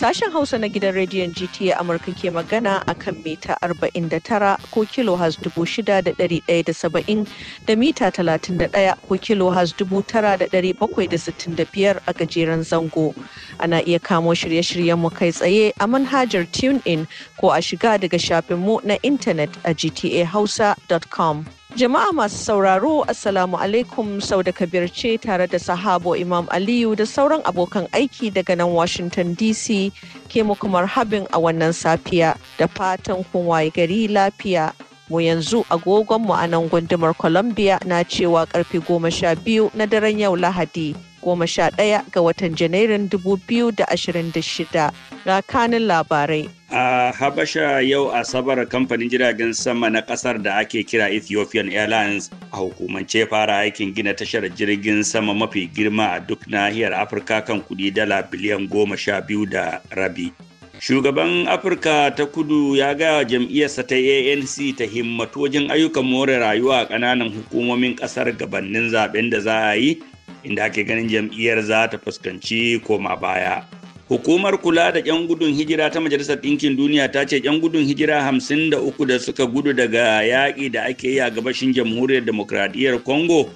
Sashen Hausa na gidan rediyon GTA Amurka ke magana a kan mita 49 ko kilohaz 6,170 da mita 31 ko kilohaz 9,765 a gajeren zango. Ana iya kamo shirye-shiryenmu kai tsaye a manhajar TuneIn ko a shiga daga shafinmu na intanet a gtahausa.com. Jama'a masu sauraro Assalamu alaikum sau da kabirce tare da sahabo Imam Aliyu da sauran abokan aiki daga nan Washington DC ke muku marhabin a wannan safiya da fatan kun waye gari lafiya. Mu yanzu agogon mu a nan gundumar Columbia na cewa karfe goma sha biyu na daren yau Lahadi. goma sha ɗaya ga watan Janairun 2026 ga kanin labarai. A Habasha yau Asabar kamfanin jiragen sama na kasar da ake kira Ethiopian Airlines a hukumance fara aikin gina tashar jirgin sama mafi girma a duk nahiyar Afirka kan kudi dala biliyan goma sha biyu da rabi. Shugaban Afirka ta kudu ya gaya jam'iyyarsa ta ANC ta himmatu wajen ayyukan more rayuwa a ƙananan hukumomin ƙasar gabanin zaben da za a yi, inda ake ganin jam'iyyar za ta fuskanci koma baya. Hukumar kula da 'yan gudun hijira ta Majalisar Ɗinkin Duniya ta ce 'yan gudun hijira hamsin da uku da suka gudu daga yaƙi da ake yi a gabashin Jamhuriyar Demokradiyyar Congo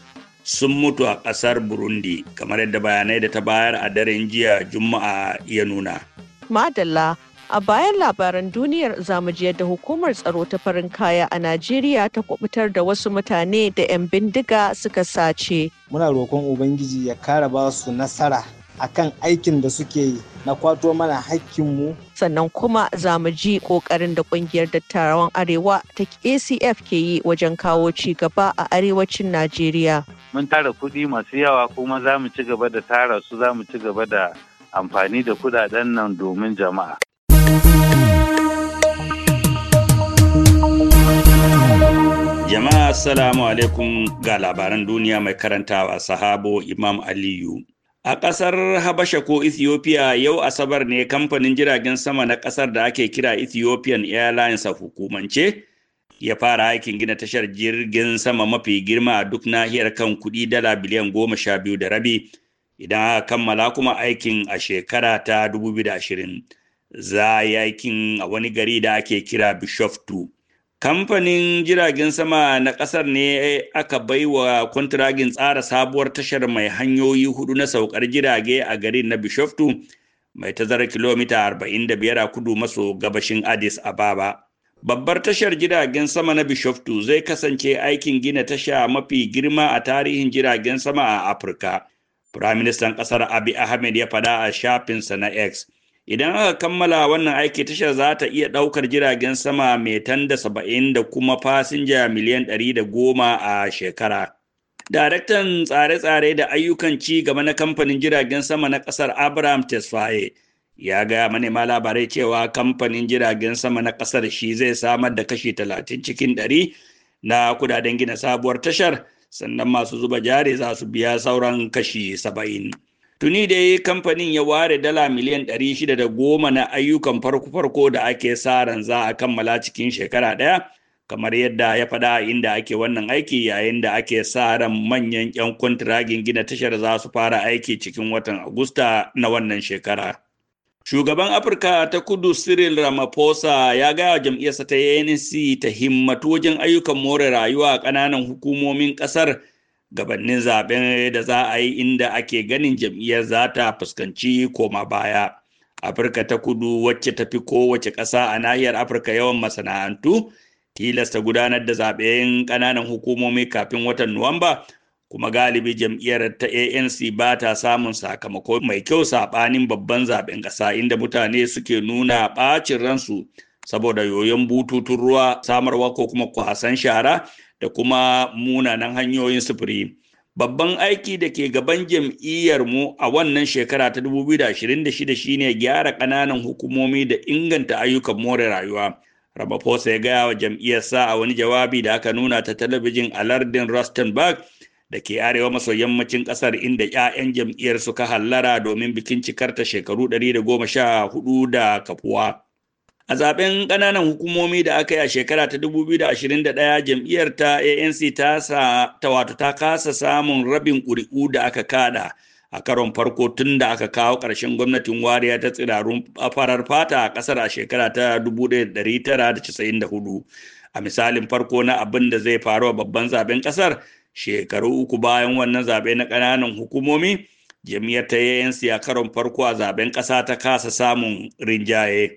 sun mutu a ƙasar Burundi, kamar yadda bayanai da ta bayar a daren jiya Juma'a ya nuna. Madalla, a bayan labaran duniyar ji yadda hukumar tsaro ta farin kaya a Najeriya ta kubutar da wasu mutane da 'yan bindiga suka sace. Muna roƙon Ubangiji ya kara ba su nasara akan aikin da suke yi na kwato mana hakkinmu. Sannan kuma za mu ji ƙoƙarin da ƙungiyar dattawan Arewa ta ACF ke yi wajen kawo ci gaba a arewacin Najeriya. Mun tara kuɗi masu yawa kuma za mu ci gaba da tara su za mu ci gaba da amfani da kuɗaɗen nan domin jama'a. Jama'a Assalamu alaikum ga labaran duniya mai karantawa sahabo Imam Aliyu. A ƙasar Habasha ko Ethiopia yau Asabar ne kamfanin jiragen sama na ƙasar da ake kira Ethiopian Airlines a hukumance ya fara aikin gina tashar jirgin sama mafi girma a duk nahiyar kan kuɗi dala biliyan goma sha biyu da rabi idan aka kammala kuma aikin a shekara ta 2020 za a yi aikin a wani gari da ake kira Bishoftu. kamfanin jiragen sama na ƙasar ne aka bai wa kwantiragin tsara sabuwar tashar mai hanyoyi hudu na saukar jirage a garin na bishoftu mai tazarar kilomita 45 a kudu maso gabashin addis ababa babbar tashar jiragen sama na bishoftu zai kasance aikin gina tasha mafi girma a tarihin jiragen sama a afirka firaministan ƙasar abi ahmed ya faɗa a shafinsa na x idan aka kammala wannan aiki tashar za ta iya ɗaukar jiragen sama mai tanda saba'in da kuma fasinja miliyan ɗari da goma a shekara daraktan tsare-tsare da ayyukan ci gaba na kamfanin jiragen sama na ƙasar abraham tesfaye ya gaya manema labarai cewa kamfanin jiragen sama na ƙasar shi zai samar da kashi talatin cikin ɗari na kudaden gina sabuwar tashar sannan masu zuba jari za su biya sauran kashi saba'in. Tuni da yi kamfanin ya ware dala miliyan 610 na ayyukan farko-farko da ake sa ran za a kammala cikin shekara ɗaya, kamar yadda ya faɗa inda ake wannan aiki yayin da ake sa ran manyan 'yan kwantiragin gina tashar za su fara aiki cikin watan Agusta na wannan shekara. Shugaban Afirka ta kudu Cyril Ramaphosa ya gaya jam'iyyarsa ta ANC ta himmatu wajen ayyukan more rayuwa a ƙananan hukumomin ƙasar. gabanin zaben da za a yi inda ake ganin jam'iyyar za ta fuskanci koma baya afirka ta kudu wacce ta fi kowace ƙasa a nahiyar afirka yawan masana'antu tilasta gudanar da zaɓen ƙananan hukumomi kafin watan nuwamba kuma galibi jam'iyyar ta anc ba ta samun sakamako mai kyau saɓanin babban zaɓen ƙasa inda mutane suke nuna ɓacin ransu saboda yoyon bututun ruwa samarwa ko kuma kwasan shara da kuma munanan hanyoyin sufuri babban aiki da ke gaban jam'iyyarmu a wannan shekara ta 2026 shine gyara ƙananan hukumomi da inganta ayyukan more rayuwa ramaphosa ya gaya wa jam'iyyarsa a wani jawabi da aka nuna ta talabijin a lardin rustenburg da ke arewa maso yammacin ƙasar inda 'ya'yan jam'iyyar suka hallara domin bikin cikarta shekaru 114 da kafuwa A zaɓen ƙananan hukumomi da aka yi a shekara ta 2021 jam'iyyar ta ANC ta sa ta wato ta kasa samun rabin ƙuri'u da aka kada a karon farko tun da aka kawo ƙarshen gwamnatin wariya ta tsirarun farar fata a ƙasar a shekara ta 1994. A misalin farko na abin da zai faru a babban zaben ƙasar shekaru uku bayan wannan zaɓe na ƙananan hukumomi jam'iyyar ta ANC a karon farko a zaben ƙasa ta kasa samun rinjaye.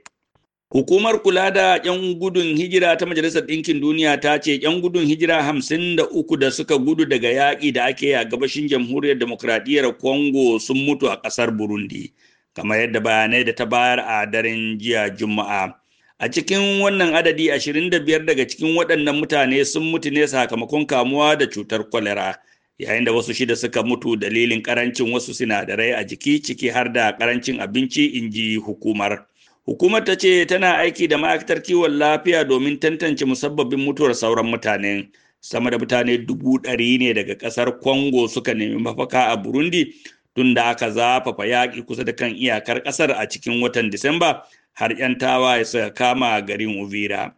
Hukumar kula da 'yan gudun hijira ta Majalisar Ɗinkin Duniya ta ce 'yan gudun hijira hamsin da uku da suka gudu daga yaƙi da ake a gabashin jamhuriyar demokradiyyar Congo sun mutu a ƙasar Burundi, kamar yadda bayanai da ta bayar a daren jiya Juma'a. A cikin wannan adadi 25 daga cikin waɗannan mutane sun mutu ne sakamakon kamuwa da cutar kwalera, yayin da wasu shida suka mutu dalilin ƙarancin wasu sinadarai a jiki ciki har da ƙarancin abinci, in hukumar. Hukumar ta ce tana aiki da ma'aikatar kiwon lafiya domin tantance musabbabin mutuwar sauran mutane. Sama da mutane dubu ɗari ne daga ƙasar Congo suka nemi mafaka a Burundi tun da aka zafafa yaƙi kusa da kan iyakar ƙasar a cikin watan Disamba har 'yan tawaye suka kama garin Uvira.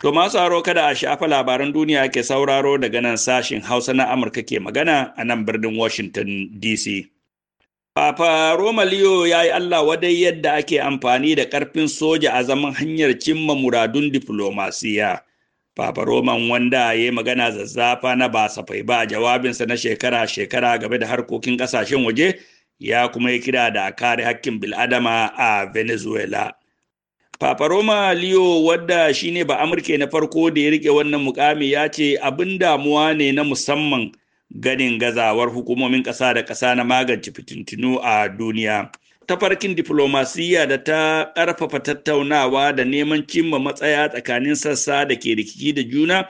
To masu haro kada a shafa labaran duniya ke sauraro daga nan sashin Hausa na Amurka ke magana a nan birnin Washington DC. Papa Roma Leo ya yi Allah wadai yadda ake amfani da ƙarfin soja a zaman hanyar cimma muradun diflomasiya. Papa Roman wanda ya yi magana zazzafa na ba safai ba jawabinsa na shekara-shekara game da harkokin ƙasashen waje ya kuma yi kira da kare hakkin bil'adama a Venezuela. Papa Roma Leo wadda shine ba Amurke na farko da ya rike wannan mukami ya ce abin damuwa ne na musamman ganin gazawar hukumomin ƙasa da ƙasa na magance fitintinu a duniya. Tafarkin diflomasiyya da ta ƙarfafa tattaunawa da neman cimma matsaya tsakanin sassa da ke rikiki da juna,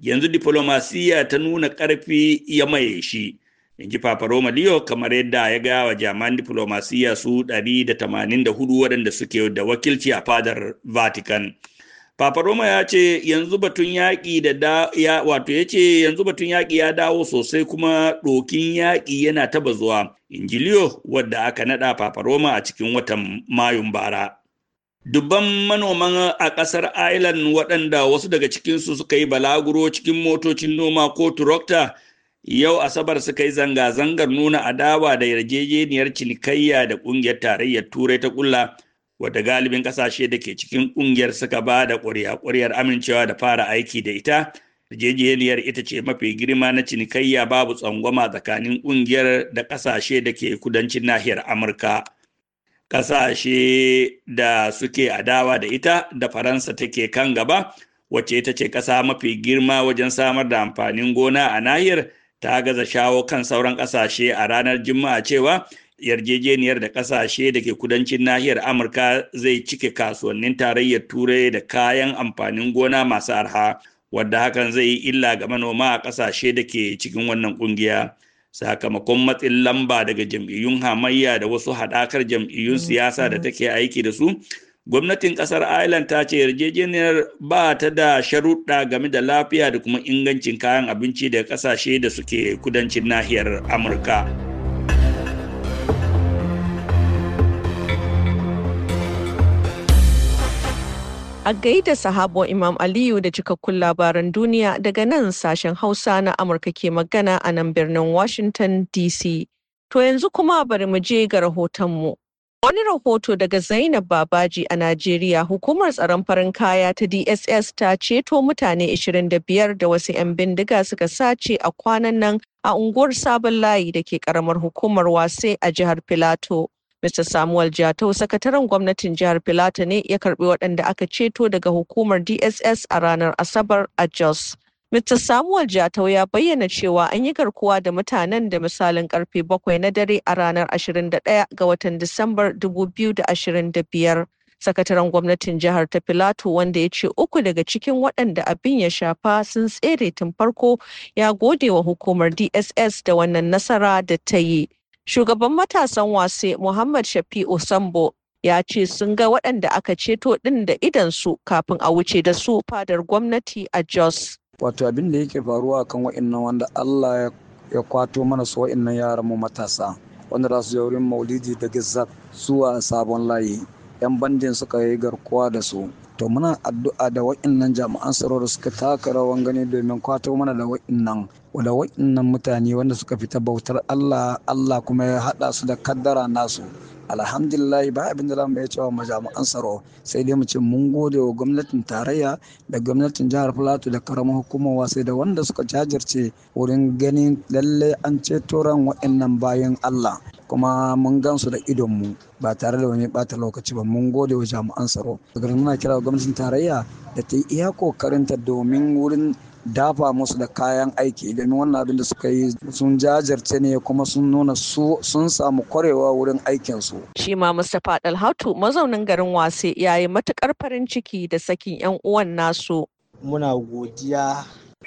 yanzu diflomasiyya ta nuna ƙarfi ya maye shi. in ji Paparoma Leo kamar yadda ya gaya wa jaman diflomasiyya su 184 waɗanda suke da wakilci a fadar Vatican. Papa Roma ya ce yanzu batun yaƙi da da ya wato ya ce yanzu batun yaƙi ya dawo sosai kuma ɗokin yaƙi yana taba zuwa. Injiliyo wadda aka naɗa Papa Roma a cikin watan Mayun bara. Dubban manoman a ƙasar Ireland waɗanda wasu daga cikinsu suka yi balaguro cikin motocin noma ko turokta yau Asabar suka yi zanga-zangar nuna adawa da yarjejeniyar cinikayya da ƙungiyar tarayyar Turai ta ƙulla. Wata galibin kasashe da ke cikin kungiyar suka ba da ƙuri'a-ƙuri'ar amincewa da fara aiki da ita yarjejeniyar ita ce mafi girma na cinikayya babu tsangwama tsakanin ƙungiyar da ƙasashe da ke kudancin nahiyar amurka Ƙasashe da suke adawa da ita da faransa take kan gaba wacce ita ce ƙasa mafi girma wajen samar da amfanin gona a nahiyar ta gaza shawo kan sauran ƙasashe a ranar juma'a cewa yarjejeniyar da kasashe da ke kudancin nahiyar amurka zai cike kasuwannin tarayyar turai da kayan amfanin gona masu arha wadda hakan zai yi illa ga manoma a kasashe da ke cikin wannan kungiya sakamakon matsin lamba daga jam'iyyun hamayya da wasu haɗakar jam'iyyun siyasa da mm-hmm. take aiki da su gwamnatin kasar ireland ta ce yarjejeniyar ba ta da sharuɗa game da lafiya da kuma ingancin kayan abinci da ƙasashe da suke kudancin nahiyar amurka. A gaida sahabo Imam Aliyu da cikakkun labaran duniya daga nan sashen Hausa na Amurka ke magana a nan birnin Washington DC. To yanzu kuma bari mu je ga rahotonmu. Wani rahoto daga Zainab Babaji a Najeriya hukumar tsaron farin kaya ta DSS ta ceto mutane 25 da wasu 'yan bindiga suka sace a kwanan nan a unguwar Sabon Layi da ke karamar hukumar Wase a jihar Filato. Mr. Samuel Jatau sakataren gwamnatin jihar Filata ne ya karbi waɗanda aka ceto daga hukumar DSS a ranar Asabar a Jos. Mr. Samuel Jatau ya bayyana cewa an yi garkuwa da mutanen da misalin karfe bakwai na dare a ranar 21 ga watan Disambar 2025. Sakataren gwamnatin jihar ta Filato wanda ya ce uku daga cikin waɗanda abin ya shafa sun tsere tun farko ya gode wa hukumar DSS da wannan nasara da ta yi. Shugaban matasan wase Muhammad Shafi'u Sambo ya ce sun ga waɗanda aka ceto ɗin da idansu kafin a wuce da su fadar gwamnati a Jos. Wato abin da yake faruwa kan wa'innan wanda Allah ya kwato mana su wa'innan yaran mu matasa wanda za su je wurin maulidi da gizzab zuwa sabon layi. 'Yan bandin suka yi garkuwa da su to muna addu'a da wa'innan jami'an tsaro da suka taka rawan gani domin kwato mana da wa'innan da wa'innan mutane wanda suka fita bautar Allah Allah kuma ya haɗa su da kaddara nasu alhamdulillah ba abin da zamu iya cewa majami'an tsaro sai dai mu ce mun gode wa gwamnatin tarayya da gwamnatin jihar Filato da karamar hukumar sai da wanda suka jajirce wurin ganin lalle an ceto ran wa'innan bayan Allah kuma mun gansu da idonmu ba tare da wani bata lokaci ba mun gode wa jami'an tsaro daga muna kira gwamnatin tarayya da ta yi iya kokarinta domin wurin dafa musu da kayan aiki domin wannan abin da suka yi sun jajirce ne kuma sun nuna su sun samu kwarewa wurin aikinsu. Shi ma Mustapha Dalhatu mazaunin garin Wase ya yi matukar farin ciki da sakin 'yan uwan nasu. Muna godiya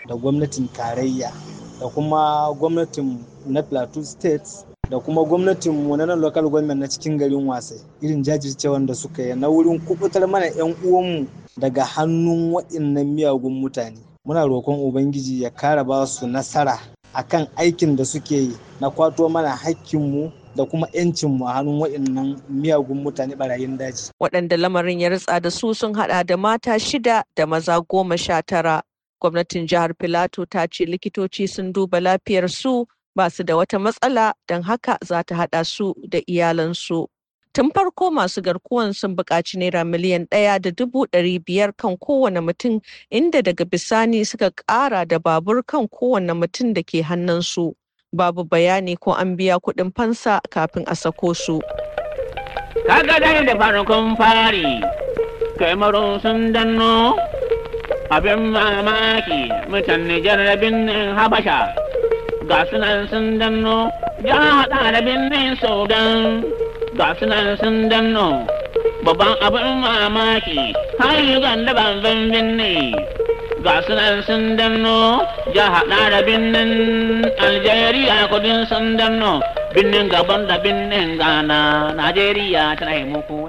da gwamnatin tarayya da kuma gwamnatin na Plateau State da kuma gwamnatinmu na nan local government na cikin garin wasai irin jajircewan da suka yi na wurin kubutar mana 'yan mu daga hannun waɗannan miyagun mutane muna roƙon ubangiji ya kara ba su nasara akan aikin da suke yi na kwato mana mu da kuma 'yancin mu a hannun waɗannan miyagun mutane barayin daji. Waɗanda lamarin ya ritsa da su sun haɗa da mata shida da maza goma sha tara. Gwamnatin jihar Filato ta ce likitoci sun duba lafiyar su ba su da wata matsala don haka za ta haɗa su da iyalansu. Tun farko masu garkuwan sun buƙaci naira miliyan ɗaya da dubu ɗari biyar kan kowane mutum inda daga bisani suka ƙara da babur kan kowane mutum da ke hannunsu. Babu bayani ko an biya kuɗin fansa kafin a sako su. Kaga dai da farkon fari, kamaru sun danno abin mamaki mutan Nijar rabin Habasha. ga sunan sun danno ya haɗa da birnin saudan ga sunan sun danno babban abin mamaki har yi ganda babban birni ga sunan sun danno ya haɗa da birnin algeria kudin sun danno birnin gaban da birnin ghana najeriya ta yi muku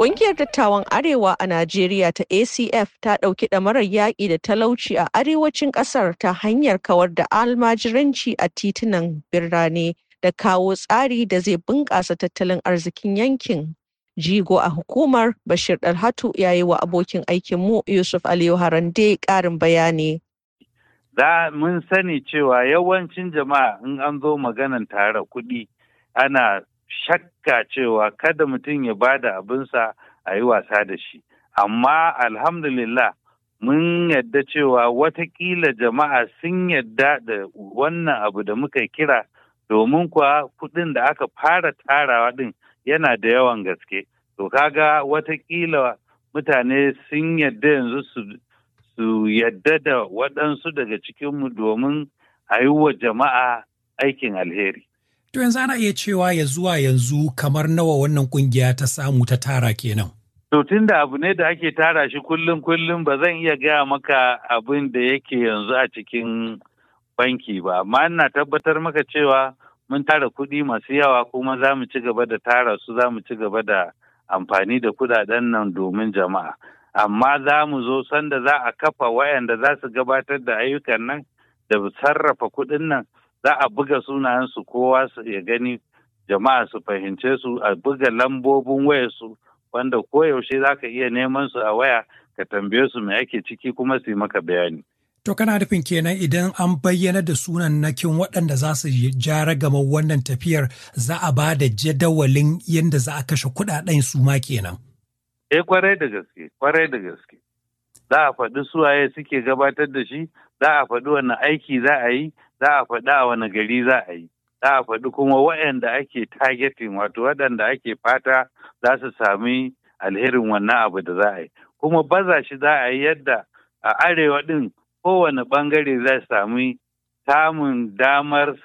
Ƙungiyar dattawan Arewa a Najeriya ta ACF ta ɗauki ɗamarar yaƙi da talauci a arewacin ƙasar ta hanyar kawar da almajiranci a titunan birane da kawo tsari da zai bunƙasa tattalin arzikin yankin. Jigo a hukumar Bashir Dalhatu ya yi wa abokin aikinmu Yusuf Aliyu Harande ƙarin bayani. Da mun sani cewa yawancin jama'a in an zo maganan tara kuɗi ana shakka cewa kada mutum ya ba da abinsa a yi wasa da shi amma alhamdulillah mun yadda cewa watakila jama'a sun yadda da wannan abu da muka kira domin kuwa kuɗin da aka fara tarawa ɗin yana da yawan gaske to kaga watakila mutane sun yadda yanzu su yadda da waɗansu daga cikinmu domin a yi wa jama'a aikin alheri To yanzu ana iya cewa ya zuwa yanzu kamar nawa wannan kungiya ta samu ta tara kenan. To tun da abu ne da ake tara shi kullum kullum ba zan iya gaya maka abin da yake yanzu a cikin banki ba, amma ina tabbatar maka cewa mun tara kuɗi masu yawa kuma za mu ci gaba da tara su za mu ci gaba da amfani da kuɗaɗen nan domin jama'a. Amma za mu zo sanda za a kafa wayanda za su gabatar da ayyukan nan da sarrafa kuɗin nan. za a buga sunayensu kowa su ya gani jama'a su fahimce su a buga lambobin wayarsu wanda koyaushe za ka iya neman su a waya ka tambaye su mai ake ciki kuma su yi maka bayani. To kana nufin kenan idan an bayyana da sunan nakin waɗanda za su ja ragamar wannan tafiyar za a ba da jadawalin yadda za a kashe kuɗaɗen su ma kenan. Eh kwarai da gaske, kwarai da gaske. za a faɗi suwaye suke gabatar da shi za a faɗi wani aiki za a yi za a faɗi a wani gari za a yi za a faɗi kuma waɗanda ake targeting wato waɗanda ake fata za su sami alherin wannan abu da za a yi kuma baza shi za a yi yadda a arewa ɗin kowane ɓangare zai sami samun damar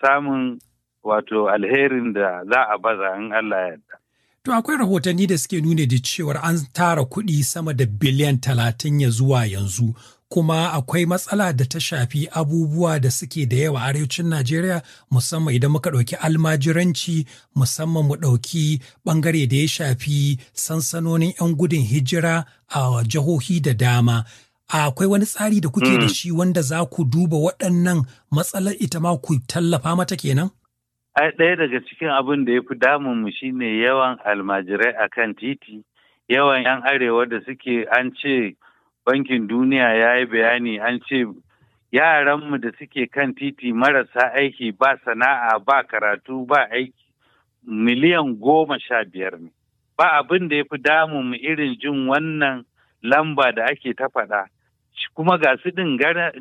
samun wato alherin da za a baza in Allah yadda. To akwai rahotanni da suke nuna da cewar an tara kuɗi sama da biliyan talatin ya zuwa yanzu kuma akwai matsala da ta shafi abubuwa da suke da yawa a arewacin Najeriya musamman idan muka ɗauki almajiranci musamman mu ɗauki ɓangare da ya shafi sansanonin 'yan gudun hijira a jihohi da dama. Akwai wani tsari da kuke da mm. shi wanda za ku duba waɗannan matsalar ita ma ku tallafa mata kenan? ai ɗaya daga cikin abin da ya fi damun mu shine yawan almajirai a kan titi yawan yan arewa da suke an ce bankin duniya ya yi bayani an ce yaranmu da suke kan titi marasa aiki ba sana'a ba karatu ba aiki miliyan goma sha biyar ne ba abin da ya fi damun mu irin jin wannan lamba da ake ta faɗa kuma ga su ɗin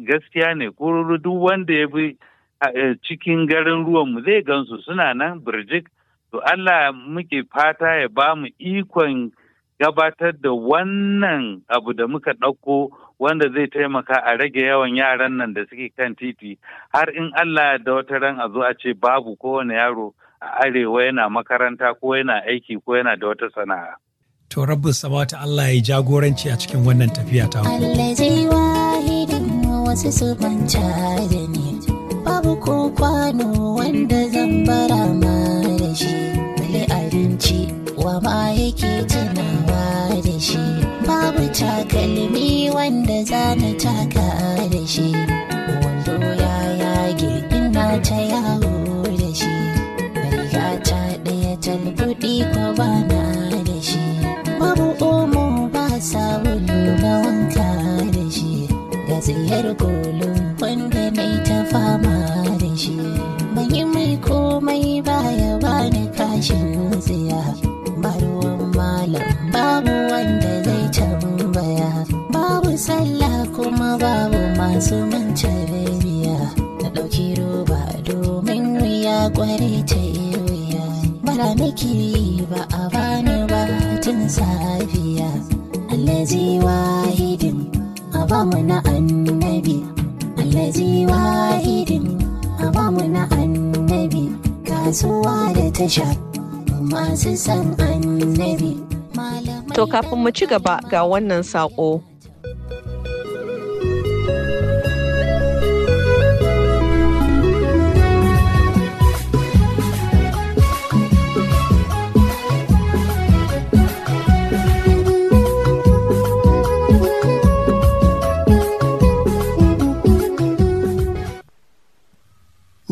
gaskiya ne kururu duk wanda ya bi Eh, cikin garin ruwanmu zai gansu suna nan birjik to Allah muke fata ya ba mu ikon gabatar da wannan abu da muka ɗauko wanda zai taimaka a rage yawan yaran nan da suke kan titi har in Allah da wata ran a zo a ce babu kowane yaro a arewa yana makaranta ko yana aiki ko yana da wata sana'a. To rabbin samata Allah ya yi jagoranci a cikin wannan tafiya ta Allah zai wasu su ko kwano wanda zan bara ma da shi bale abinci wa ma yake tunawa da shi babu takalmi wanda zana taka da shi wando ya yage ina ta yawo da shi riga ta ɗaya talbuɗi ko bana da shi babu omo ba sabulu na wanka da shi gaziyar golo babu masu manta biya na ɗauki roba domin wuya kware ta wuya bara ba a bani ba tun safiya allazi wahidin a bamu na annabi allazi wahidin a na annabi kasuwa da tasha masu san annabi To kafin mu ci gaba ga wannan saƙo.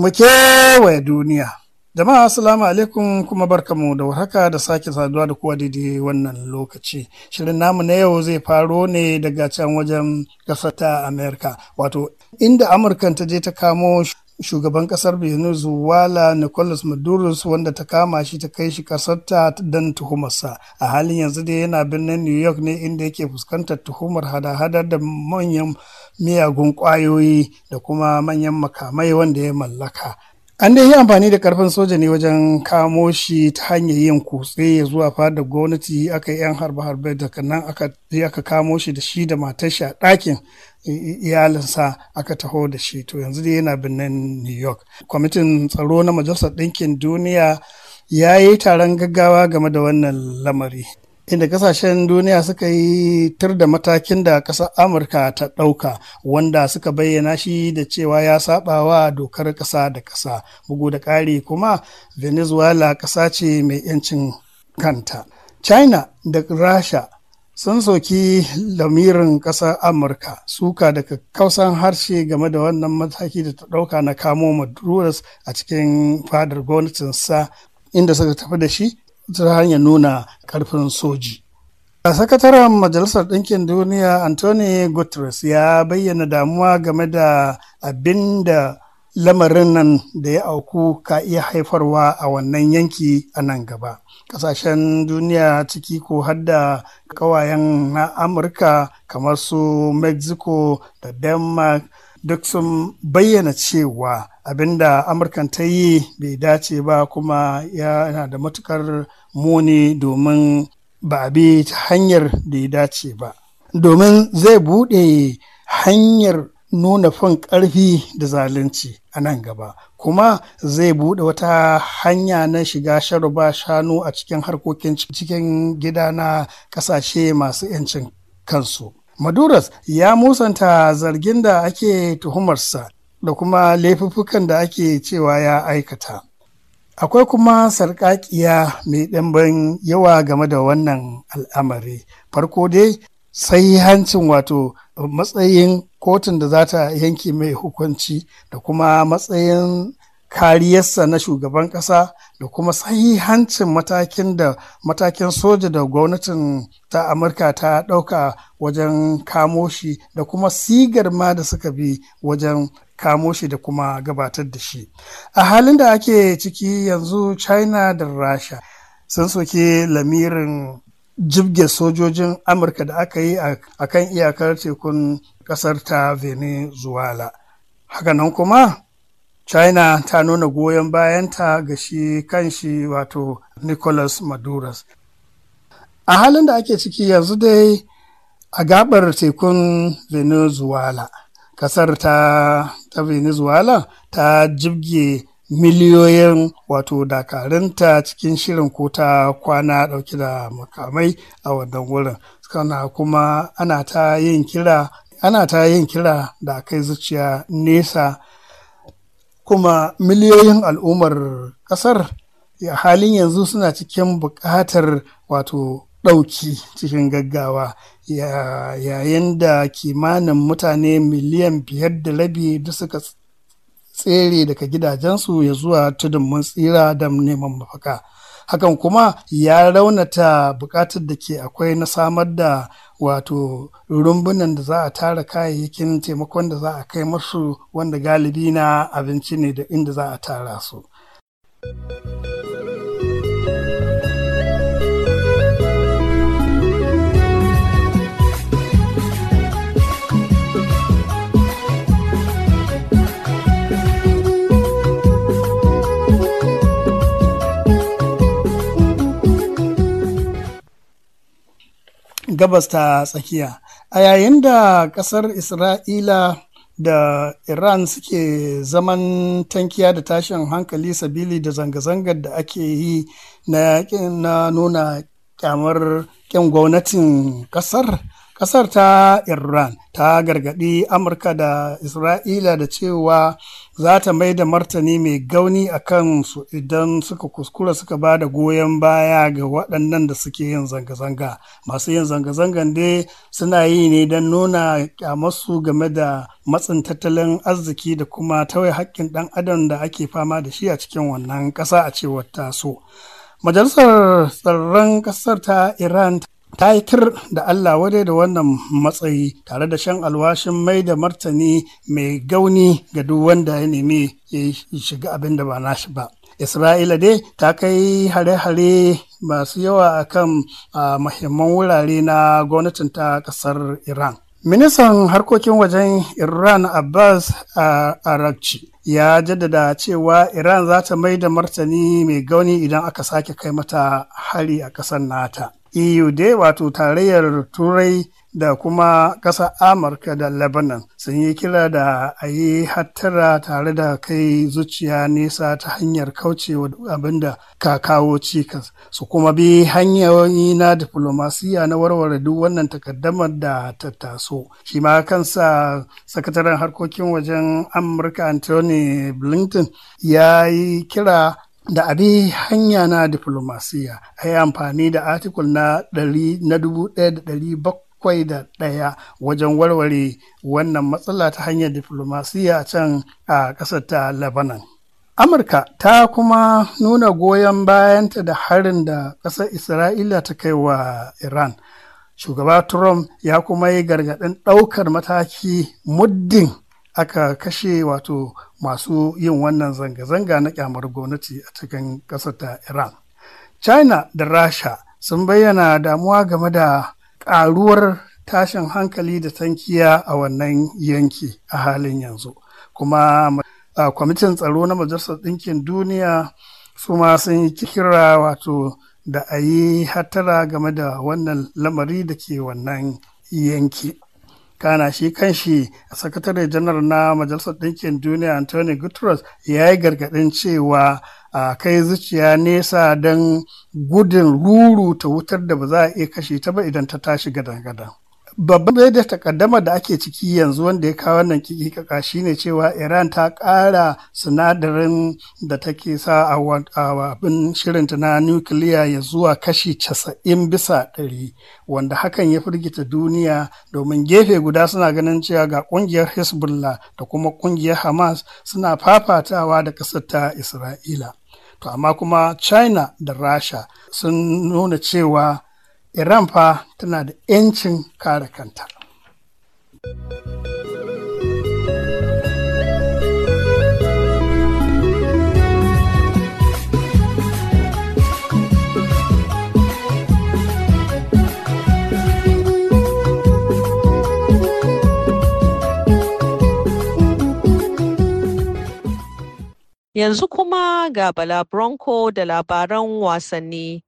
mu kewaye duniya. Jama'a assalamu alaikum kuma barkamu da warhaka da sake saduwa da kowa daidai wannan lokaci. Shirin namu na yau zai faro ne daga can wajen gasar ta Amerika. Wato inda Amurkan ta je ta kamo shugaban kasar venezuela nicolas maduro wanda ta kama shi ta kai shi kasarta dan tuhumarsa a halin yanzu dai yana birnin new york ne inda yake fuskantar tuhumar hada-hadar da manyan miyagun kwayoyi da kuma manyan makamai wanda ya mallaka an dai yi amfani da karfin soja ne wajen kamo shi ta hanyar yin kutse ya zuwa fadar gwamnati aka yi 'yan harbe-harbe daga nan aka kamo shi da shi da matashi a ɗakin iyalinsa aka taho da shi to yanzu dai yana birnin new york kwamitin tsaro na majalisar ɗinkin duniya ya yi taron gaggawa game da wannan lamari inda kasashen duniya suka yi tur da matakin da ƙasar amurka ta ɗauka wanda suka bayyana shi da cewa ya saba wa dokar ƙasa da ƙasa bugu da ƙari kuma venezuela ƙasa ce mai 'yancin kanta china da rasha sun soki lamirin ƙasar amurka suka daga kausan harshe game da wannan mataki da ta ɗauka na kamo maduras a cikin fadar gwamnatinsa inda suka tafi da shi ta hanyar nuna ƙarfin soji a sakataren majalisar ɗinkin duniya anthony guterres ya bayyana damuwa game da abin da lamarin nan da ya auku ka iya haifarwa a wannan yanki a nan gaba Kasashen duniya ciki ko hadda kawayen na amurka kamar su mexico da denmark duk sun bayyana cewa abinda amurkan ta yi bai dace ba kuma yana da matukar muni domin ba a bi ta hanyar da ya dace ba domin zai buɗe hanyar nuna fin ƙarfi da zalunci a nan gaba kuma zai buɗe wata hanya na shiga sharuba shanu a cikin harkokin cikin gida na ƙasashe masu 'yancin kansu maduras ya musanta zargin da ake tuhumarsa da kuma laifuffukan da ake cewa ya aikata akwai kuma sarƙaƙiya mai ɗimbin yawa game da wannan al'amari farko dai hancin wato matsayin kotun da za ta yanke mai hukunci da kuma matsayin kariyarsa na shugaban ƙasa da kuma sahihancin matakin da matakin soja da gwamnatin ta amurka ta ɗauka wajen kamo shi da kuma sigar ma da suka bi wajen kamo shi da kuma gabatar da shi a halin da ake ciki yanzu china da rasha sun soke lamirin jibge sojojin amurka da aka yi a kan iyakar tekun kasar ta venezuela hakanan kuma china ta nuna goyon bayanta ga shi kanshi wato nicolas maduras a halin da ake ciki yanzu dai a gabar tekun venezuela kasar ta venezuela ta jibge miliyoyin wato dakarunta cikin shirin kota kwana dauke da makamai a wannan wurin kana kuma ana ta yin kira ana ta da kai zuciya nesa kuma miliyoyin al'ummar kasar ya halin yanzu suna cikin buƙatar wato ɗauki cikin gaggawa yayin da kimanin mutane miliyan biyar da rabi da suka tsere daga gidajensu ya zuwa tudun mun tsira da neman mafaka hakan kuma ya raunata bukatar da ke akwai na samar da wato rumbunan da za a tara kayayyakin taimakon da za a kai masu wanda galibi na abinci ne da inda za a tara su. gabas ta tsakiya a yayin da kasar isra'ila da iran suke zaman tankiya da tashin hankali sabili da zanga-zangar da ake yi na nuna kyamar kyan gwamnatin kasar Ƙasar ta Iran ta gargaɗi Amurka da Isra'ila da cewa za ta mai da martani mai gauni a kansu idan suka kuskura suka ba da goyon baya ga waɗannan da suke yin zanga-zanga. Masu yin zanga-zangan dai suna yi ne don nuna kyamarsu game da matsin tattalin arziki da kuma tawai haƙƙin ɗan adam da ake fama da shi a cikin wannan ƙasa a cewar taso. Majalisar tsaron ƙasar ta Iran ta yi tir da Allah wadai da wannan matsayi tare da shan alwashin mai da martani mai gauni ga duk wanda ya nemi ya shiga abin da ba nashi ba. Isra'ila dai ta kai hare-hare masu yawa a kan mahimman wurare na gwamnatin ta ƙasar Iran. Ministan harkokin wajen Iran Abbas Arakci ya jaddada cewa Iran za ta mai da martani mai gauni idan aka sake kai mata hari a ƙasar nata. eu dai wato tarayyar turai da kuma ƙasar amurka da lebanon sun yi kira da a yi hattara tare da kai zuciya nesa ta hanyar kaucewa abin da ka kawo cikas su kuma bi hanyoyi na diplomasiya na warware duk wannan takaddamar da tattaso. taso shi ma kansa sakataren harkokin wajen amurka anthony blinken ya yi kira da abi hanya na diflomasiyya a yi amfani da artikul na 1701 wajen warware wannan matsala ta hanyar diflomasiyya can a ƙasar ta lebanon amurka ta kuma nuna goyon bayanta da harin da ƙasar isra'ila ta kai wa iran shugaba trump ya kuma yi gargaɗin ɗaukar mataki muddin aka kashe wato masu yin wannan zanga-zanga na kyamar gwamnati a cikin ƙasar ta iran china da rasha sun bayyana damuwa game da ƙaruwar tashin hankali da tankiya a wannan yanki a halin yanzu kuma kwamitin tsaro na majalisar ɗinkin duniya su ma sun yi kira wato da a yi hattara game da wannan lamari da ke wannan yanki kana shi shi a sakatare janar na majalisar ɗinkin duniya anthony guterres ya yi gargaɗin cewa a kai zuciya nesa don gudun ruru ta wutar da ba za a iya kashe ta ba idan ta tashi gadan-gadan Babban bai da takaddama da ake ciki yanzu wanda ya kawo wannan kikikaka shine cewa Iran ta ƙara sinadarin da take sa a abin shirinta na nukiliya ya zuwa kashi casa'in bisa ɗari wanda hakan ya firgita duniya domin gefe guda suna ganin cewa ga ƙungiyar Hezbollah da kuma ƙungiyar Hamas suna fafatawa da ƙasar ta Isra'ila. To amma kuma China da Rasha sun nuna cewa iran fa tana da 'yancin kare kanta Yanzu kuma ga Bala Bronco da labaran wasanni.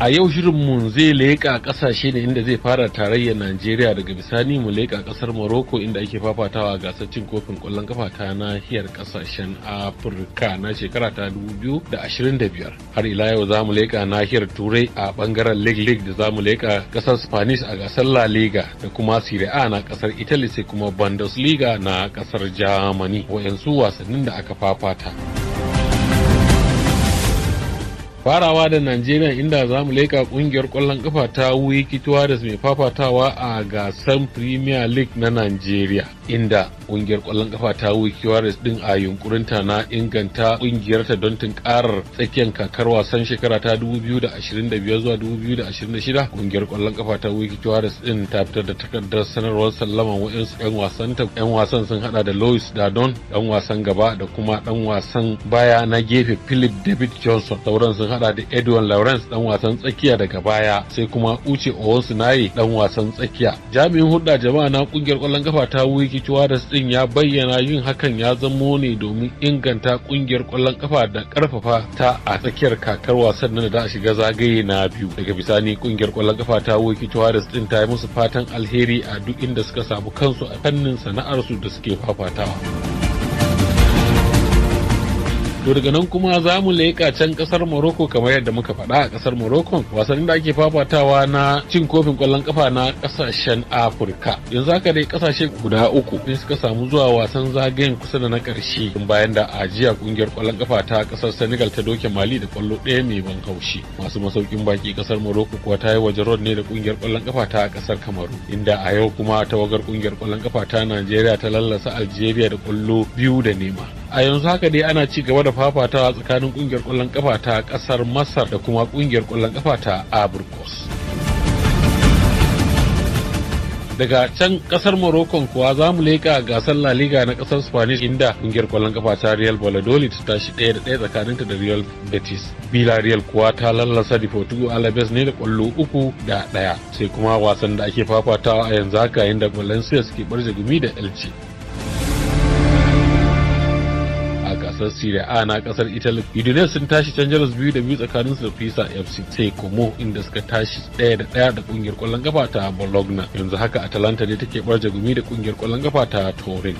a yau shirin mu zai leƙa ƙasashe ne inda zai fara tarayyar najeriya daga bisani mu leƙa ƙasar morocco inda ake fafatawa gasar cin kofin ƙwallon kafa ta nahiyar ƙasashen afirka na shekara ta 2025 har ila yau za mu leƙa nahiyar turai a ɓangaren league league da za mu leƙa ƙasar spanish a gasar la liga da kuma serie a na ƙasar italy sai kuma bundesliga na ƙasar germany wayansu wasannin da aka fafata. farawa da najeriya inda za mu leƙa ƙungiyar ƙwallon ƙafa ta wiki da mai fafatawa a gasar premier league na najeriya inda ƙungiyar kwallon kafa ta Wikiwaris din a yunkurinta na inganta ƙungiyarta don tunkarar tsakiyar kakar wasan shekara ta 2025 zuwa 2026 ƙungiyar ƙwallon kafa ta Wikiwaris din ta fitar da takardar sanarwar sallaman wa'insu 'yan wasan ta 'yan wasan sun hada da Louis Dadon dan wasan gaba da kuma dan wasan baya na gefe Philip David Johnson sauran sun hada da Edwin Lawrence dan wasan tsakiya daga baya sai kuma Uche Owosunaye dan wasan tsakiya jami'in hudda jama'a na ƙungiyar kwallon kafa ta Wiki Lucky ɗin din ya bayyana yin hakan ya zamo ne domin inganta kungiyar kwallon kafa da karfafa ta a tsakiyar kakar wasan nan da a shiga zagaye na biyu. Daga bisani kungiyar kwallon kafa ta Woki Tuwares din ta yi musu fatan alheri a duk inda suka samu kansu a fannin sana'arsu da suke fafatawa. gurganan daga nan kuma za mu leƙa can ƙasar Morocco kamar yadda muka faɗa a ƙasar Morocco wasannin da ake fafatawa na cin kofin ƙwallon ƙafa na ƙasashen Afirka. Yanzu haka dai ƙasashe guda uku ne suka samu zuwa wasan zagayen kusa da na ƙarshe bayan da ajiya ƙungiyar ƙwallon ƙafa ta ƙasar Senegal ta doke Mali da ƙwallo ɗaya mai ban haushi. Masu masaukin baki ƙasar Morocco kuwa ta yi waje rod ne da ƙungiyar ƙwallon ƙafa ta ƙasar Kamaru inda a yau kuma tawagar ƙungiyar ƙwallon ƙafa ta Najeriya ta lallasa Algeria da ƙwallo biyu da nema. a yanzu haka dai ana ci gaba da fafatawa tsakanin kungiyar kwallon kafa ta kasar masar da kuma kungiyar kwallon kafa ta abrikos daga can kasar morocco kuwa za mu leƙa gasar la liga na kasar spanish inda kungiyar kwallon kafa ta real valladolid ta tashi ɗaya da ɗaya tsakaninta da real betis Real kuwa ta lallasa deportivo alaves ne da kwallo uku da ɗaya sai kuma wasan da ake fafatawa a yanzu haka inda valencia suke barje gumi da elche gasar Serie A na kasar Italy. Udinese sun tashi can jaras biyu da biyu tsakanin su da Pisa FC sai Como inda suka tashi ɗaya da ɗaya da kungiyar kwallon kafa ta Bologna. Yanzu haka Atalanta ne take barje gumi da kungiyar kwallon kafa ta Turin.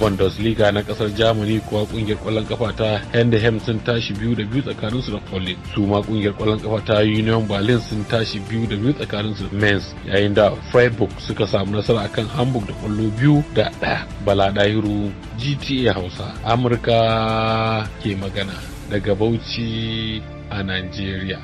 bundesliga na kasar germany kuwa kungiyar kwallon kafa ta hendehem sun tashi biyu da biyu tsakanin su da poland su ma kungiyar kwallon kafa ta union berlin sun tashi biyu da biyu tsakanin su da mainz yayin da freiburg suka samu nasara akan hamburg da kwallo biyu da ɗaya bala dahiru gta hausa amurka ke magana daga bauchi a nigeria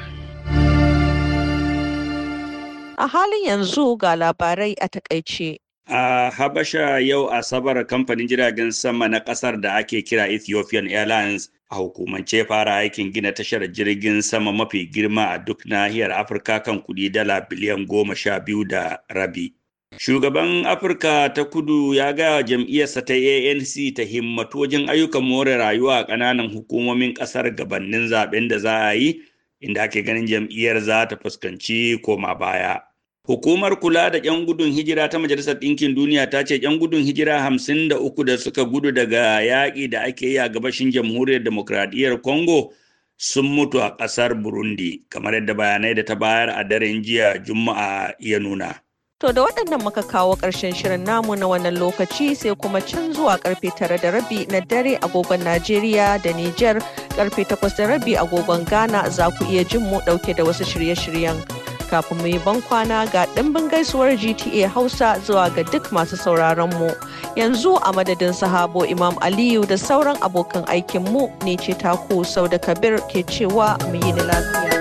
a halin yanzu ga labarai a takaice A Habasha yau Asabar kamfanin jiragen sama na ƙasar da ake kira Ethiopian Airlines a hukumance fara aikin gina tashar jirgin sama mafi girma a duk nahiyar Afirka kan kuɗi dala biliyan goma sha biyu da rabi. Shugaban Afirka ta kudu ya gaya jam'iyyarsa ta ANC ta himmatu wajen ayyukan more rayuwa a ƙananan hukumomin ƙasar gabanin zaben da za a yi, inda ake ganin jam'iyyar za ta fuskanci koma baya. Hukumar kula da 'yan gudun hijira ta Majalisar Ɗinkin Duniya ta ce 'yan gudun hijira hamsin da uku da suka gudu daga yaƙi da ake yi a gabashin jamhuriyar demokradiyyar Congo sun mutu a ƙasar Burundi, kamar yadda bayanai da ta bayar a daren jiya Juma'a ya nuna. To da waɗannan muka kawo ƙarshen shirin namu na wannan lokaci sai kuma can zuwa ƙarfe tara da rabi na dare agogon Najeriya da Nijar ƙarfe takwas da rabi agogon Ghana za ku iya jin mu ɗauke da wasu shirye-shiryen. kafin mu yi kwana ga ɗimbin gaisuwar GTA Hausa zuwa ga duk masu sauraron mu. Yanzu a madadin sahabo Imam Aliyu da sauran abokan aikin mu ne ce taku sau da kabir ke cewa mu yi lafiya.